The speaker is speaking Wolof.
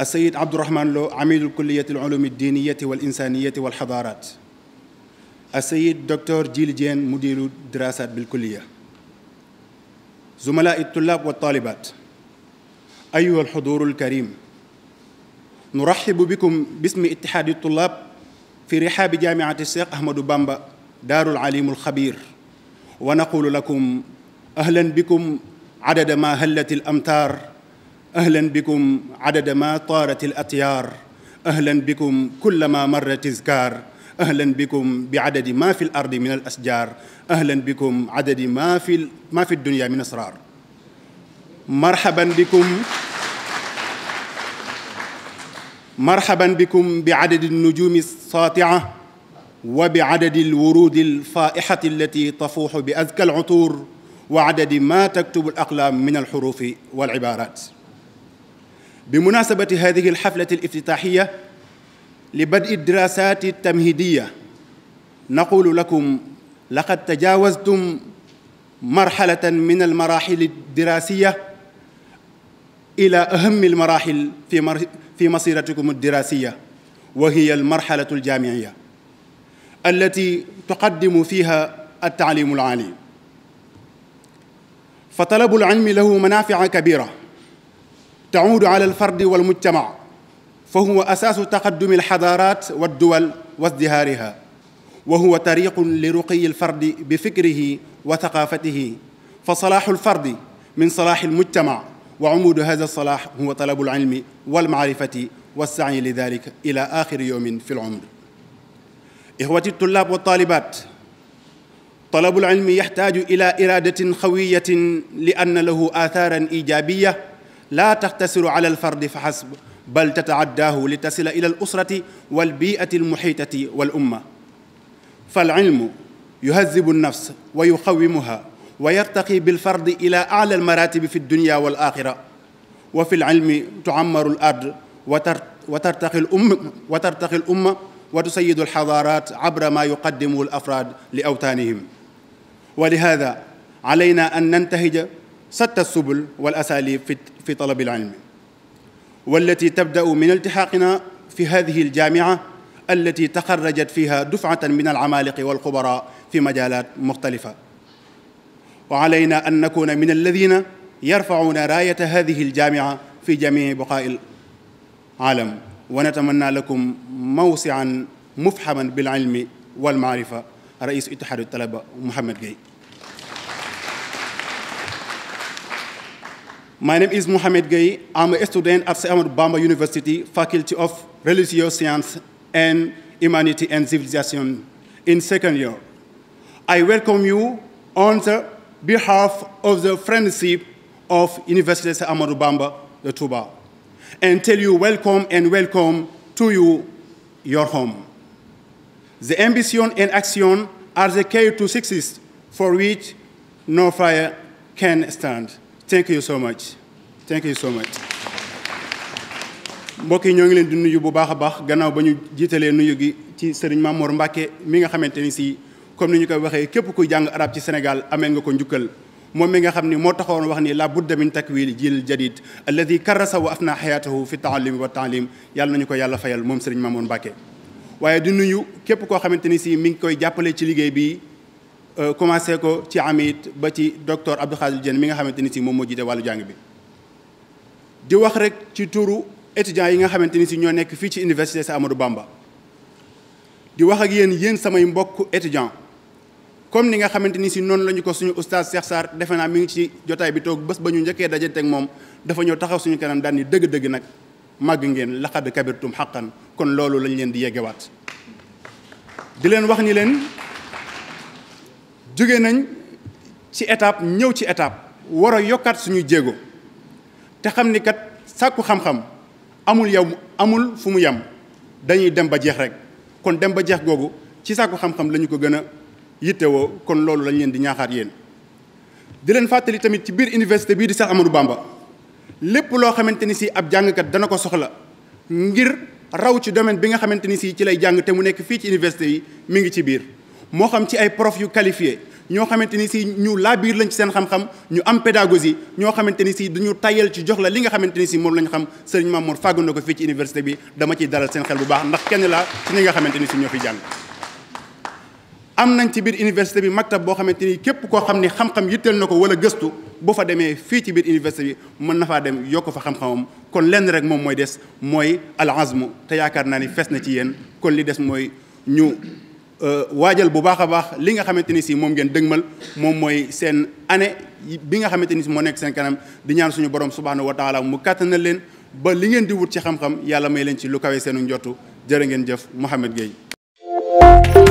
السيد عبد الرحمن لو عميد الكلية العلوم الدينية والإنسانية والحضارات السيد دكتور جيل جين مدير دراسات بالكلية زملاء الطلاب والطالبات أيها الحضور الكريم نرحب بكم باسم اتحاد الطلاب في رحاب جامعة الشيخ أحمد بامبا دار العليم الخبير ونقول لكم أهلا بكم عدد ما هلت الأمتار أهلا بكم عدد ما طارت الأطيار أهلا بكم كلما مر تذكار أهلا بكم بعدد ما في الأرض من الأشجار أهلا بكم عدد ما في ما في الدنيا من أسرار مرحبا بكم مرحبا بكم بعدد النجوم الساطعة وبعدد الورود الفائحة التي تفوح بأذكى العطور wa adadi ma taktubu al aqlaam min al xurufi wal ibaaraat bi munaasabati hadihi al xaflati al iftitaaxiya li bad'i diraasaati tamhidiya naqulu lakum laqad tajaawaztum marxalatan min al maraaxil diraasiya ila ahami al maraaxil fi fi masiratikum ad-diraasiya wa hiya al marxalatu al jaamiiya allati tuqaddimu fiha at-taaliimu al aaliim fa talabu lilmi lahu manafica kabira tacuudu ala alfardi walmujtamac fa huwa asaasu taqadumi alxadarat walduwal wa azdihaariha wa huwa tariqun liruqiyi alfardi bifikrihi wa thaqafatihi fa salaaxu alfardi min salaaxi almujtamac wa cumuudu hada alsalaax huwa talabu alilmi walmacrifati walsacyi lidalik ila axiri yowmin fi lcumr ixwati tullaab wa taalibaat talabul ilmi yaxtaaju ila iradatin xawiyatin li anna lahu athaaran ijabiya la taxtasiru ala alfardi fa xasb bal tatacaddaahu li tasila ila alusrati walbiati almuxiitati walumma falilmu yuhazibu alnafs wa yuqawimuha wa yartaqi bilfardi ila ala almaratibi fi aldunya walaxira wa fi lilmi tucammaru alard wa tartaqi alumma wa tartaqi alumma wa tusayidu alxadarat abra ma yuqaddimu alafraad li awtaanihim ولهذا علينا أن ننتهج شتى السبل والأساليب في طلب العلم والتي تبدأ من التحاقنا في هذه الجامعة التي تخرجت فيها دفعة من العمالقة والخبراء في مجالات مختلفة وعلينا أن نكون من الذين يرفعون راية هذه الجامعة في جميع بقاع العالم ونتمنى لكم موسعا مفحما بالعلم والمعرفة rais ittihaadu talaba Mouhamed Gueye. My name is Mohamed Gueye. I'm a student at Seydou Ahmadou Bamba University, Faculty of Religious Science and Humanity and Civilization in second year. I welcome you on behalf of the Friendship of University Seydou Ahmadou Bamba, the Touba, and tell you welcome and welcome to you, your home. The ambition and action are the key to success for which no fire can stand. Thank you so much. Thank you so much. mbokk ñoo ngi leen di nuyu bu baax a baax gannaaw ba ñu jiitalee nuyu gi ci sëriñ Mamour Mbacke mi nga xamante ni si comme ni ñu koy waxee képp kuy jàng arab ci Sénégal amee nga ko njukkal moom mi nga xam ni moo taxoon wax ni la budda min takwil jil jadid kar karrasa wa afna xayaatahu fi taalim wa taalim yàlla nañu ko yàlla fayal moom sëriñ Mamour Mbacke waaye di nuyu képp koo xamante ni sii mi ngi koy jàppale ci liggéey bi euh, commencé ko ci amit ba ci docteur Abdou Khadir Diène mi nga xamante ni si moom moo jiite wàllu jàng bi. di wax rek ci turu étudiants yi nga xamante ni si ñoo nekk fii ci université Cheikh Amadou Bamba di wax ak yéen yéen samay mbokk étudiants comme ni nga xamante ni si noonu la ko suñu oustaz Cheikh Sarr defe naa mi ngi ci jotaay bi toog bés ba ñu njëkkee teg moom dafa ñëw taxaw suñu kanam dëgg-dëgg nag. màgg ngeen laqad kabirtum xaqan kon loolu lañ leen di yeggewaat di leen wax ni leen jóge nañ ci étape ñëw ci étape war a yokkaat suñu jéego te xam ni kat sàkku xam-xam amul yow amul fu mu yem dañuy dem ba jeex rek kon dem ba jeex googu ci sàkku xam-xam lañu ko gën a yittewoo kon loolu lañ leen di ñaaxaat yéen di leen fàttali tamit ci biir université bii di Cheikh Amadou bàmba lépp loo xamante ni si ab jàngkat dana ko soxla ngir raw ci domaine bi nga xamante ni si ci lay jàng te mu nekk fii ci université yi mi ngi ci biir moo xam ci ay prof yu qualifié ñoo xamante ni si ñu laa biir lañ ci seen xam-xam ñu am pédagogie ñoo xamante ni si ñu tayal ci jox la li nga xamante ni si moom lañ xam sëriñ Mamour fàggu na ko fii ci université bi dama ciy dalal seen xel bu baax ndax kenn laa ci ñi nga xamante ni si ñoo fi jàng am nañ ci biir université bi maktab boo xamante ni képp koo xam ni xam-xam yitteel na ko wala gëstu boo fa demee fii ci biir université bi mën na faa dem yokk fa xam-xamam kon lenn rek moom mooy des mooy al azmu te yaakaar naa ni fees na ci yéen kon li des mooy ñu euh, waajal bu baax a baax li nga xamante ni si moom ngeen dëgmal moom mooy seen année bi nga xamante ni si moo nekk seen kanam di ñaan suñu borom subhanahu wa taala mu na leen ba li ngeen di ci xam yàlla may leen ci lu seenu njottu jërë ngeen jëf Mouhamed Gueye